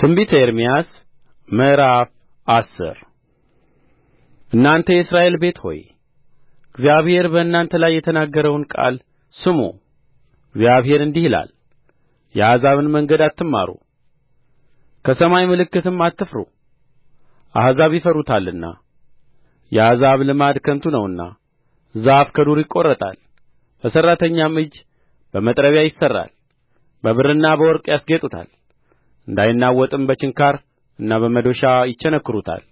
ትንቢተ ኤርምያስ ምዕራፍ አስር እናንተ የእስራኤል ቤት ሆይ እግዚአብሔር በእናንተ ላይ የተናገረውን ቃል ስሙ እግዚአብሔር እንዲህ ይላል የአሕዛብን መንገድ አትማሩ ከሰማይ ምልክትም አትፍሩ አሕዛብ ይፈሩታልና የአሕዛብ ልማድ ከንቱ ነውና ዛፍ ከዱር ይቈረጣል በሠራተኛም እጅ በመጥረቢያ ይሠራል በብርና በወርቅ ያስጌጡታል እንዳይናወጥም በችንካርና በመዶሻ ይቸነክሩታል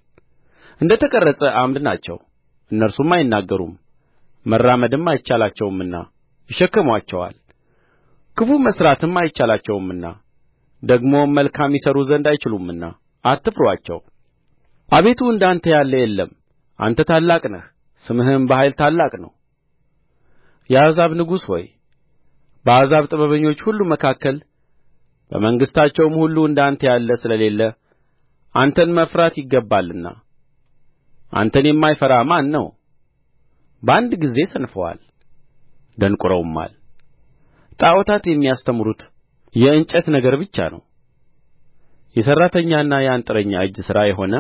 እንደ ተቀረጸ ዓምድ ናቸው እነርሱም አይናገሩም መራመድም አይቻላቸውምና ይሸከሙአቸዋል ክፉ መሥራትም አይቻላቸውምና ደግሞም መልካም ይሠሩ ዘንድ አይችሉምና አትፍሩአቸው አቤቱ እንደ አንተ ያለ የለም አንተ ታላቅ ነህ ስምህም በኃይል ታላቅ ነው የአሕዛብ ንጉሥ ሆይ በአሕዛብ ጥበበኞች ሁሉ መካከል በመንግሥታቸውም ሁሉ እንደ አንተ ያለ ስለሌለ አንተን መፍራት ይገባልና አንተን የማይፈራ ማን ነው በአንድ ጊዜ ሰንፈዋል ደንቍረውማል ጣዖታት የሚያስተምሩት የእንጨት ነገር ብቻ ነው የሠራተኛና የአንጥረኛ እጅ ሥራ የሆነ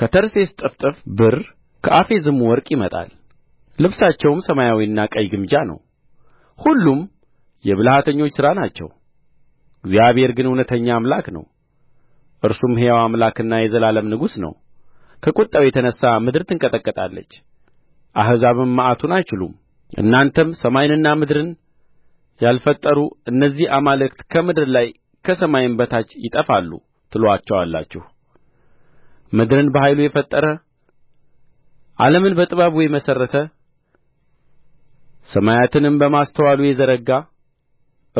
ከተርሴስ ጥፍጥፍ ብር ከአፌዝም ወርቅ ይመጣል ልብሳቸውም ሰማያዊና ቀይ ግምጃ ነው ሁሉም የብልሃተኞች ሥራ ናቸው እግዚአብሔር ግን እውነተኛ አምላክ ነው እርሱም ሕያው አምላክና የዘላለም ንጉሥ ነው ከቍጣው የተነሣ ምድር ትንቀጠቀጣለች አሕዛብም መዓቱን አይችሉም እናንተም ሰማይንና ምድርን ያልፈጠሩ እነዚህ አማልክት ከምድር ላይ ከሰማይም በታች ይጠፋሉ ትሉአቸዋላችሁ ምድርን በኃይሉ የፈጠረ ዓለምን በጥበቡ የመሠረተ ሰማያትንም በማስተዋሉ የዘረጋ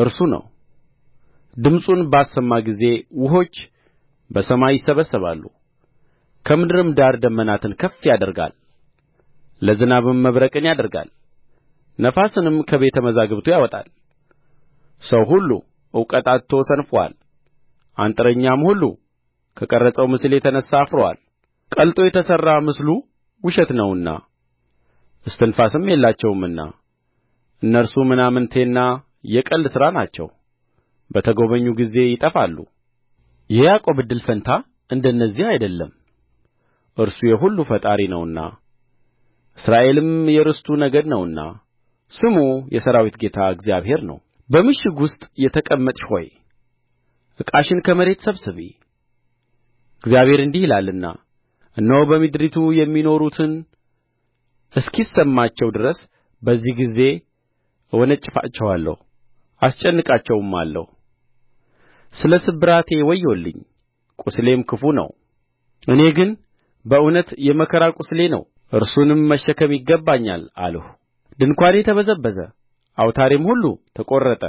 እርሱ ነው ድምፁን ባሰማ ጊዜ ውኆች በሰማይ ይሰበሰባሉ ከምድርም ዳር ደመናትን ከፍ ያደርጋል ለዝናብም መብረቅን ያደርጋል ነፋስንም ከቤተ መዛግብቱ ያወጣል ሰው ሁሉ እውቀት አጥቶ ሰንፎአል አንጥረኛም ሁሉ ከቀረጸው ምስል የተነሣ አፍሮአል ቀልጦ የተሠራ ምስሉ ውሸት ነውና እስትንፋስም የላቸውምና እነርሱ ምናምንቴና የቀልድ ሥራ ናቸው በተጐበኙ ጊዜ ይጠፋሉ የያዕቆብ እድል ፈንታ እንደ እነዚህ አይደለም እርሱ የሁሉ ፈጣሪ ነውና እስራኤልም የርስቱ ነገድ ነውና ስሙ የሠራዊት ጌታ እግዚአብሔር ነው በምሽግ ውስጥ የተቀመጥሽ ሆይ ዕቃሽን ከመሬት ሰብስቢ እግዚአብሔር እንዲህ ይላልና እነሆ በምድሪቱ የሚኖሩትን እስኪሰማቸው ድረስ በዚህ ጊዜ እወነጭፋቸዋለሁ አስጨንቃቸውማለሁ ስለ ስብራቴ ወዮልኝ ቍስሌም ክፉ ነው እኔ ግን በእውነት የመከራ ቍስሌ ነው እርሱንም መሸከም ይገባኛል አልሁ ድንኳኔ ተበዘበዘ አውታሬም ሁሉ ተቈረጠ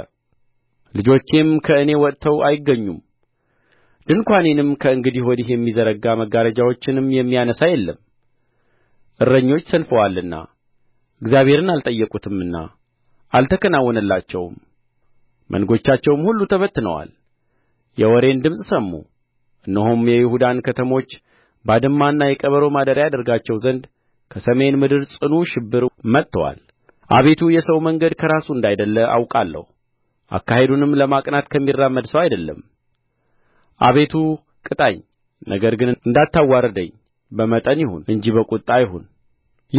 ልጆቼም ከእኔ ወጥተው አይገኙም ድንኳኔንም ከእንግዲህ ወዲህ የሚዘረጋ መጋረጃዎችንም የሚያነሣ የለም እረኞች ሰንፈዋልና እግዚአብሔርን አልጠየቁትምና አልተከናወነላቸውም መንጎቻቸውም ሁሉ ተበትነዋል የወሬን ድምፅ ሰሙ እነሆም የይሁዳን ከተሞች ባድማና የቀበሮ ማደሪያ ያደርጋቸው ዘንድ ከሰሜን ምድር ጽኑ ሽብር መጥቶአል አቤቱ የሰው መንገድ ከራሱ እንዳይደለ አውቃለሁ አካሄዱንም ለማቅናት ከሚራመድ ሰው አይደለም አቤቱ ቅጣኝ ነገር ግን እንዳታዋርደኝ በመጠን ይሁን እንጂ በቍጣ አይሁን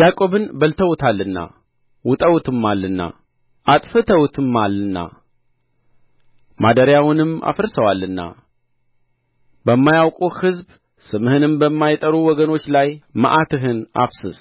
ያዕቆብን በልተውታልና ውጠውትማልና አጥፍተውትማልና ማደሪያውንም አፍርሰዋልና በማያውቁህ ሕዝብ ስምህንም በማይጠሩ ወገኖች ላይ መዓትህን አፍስስ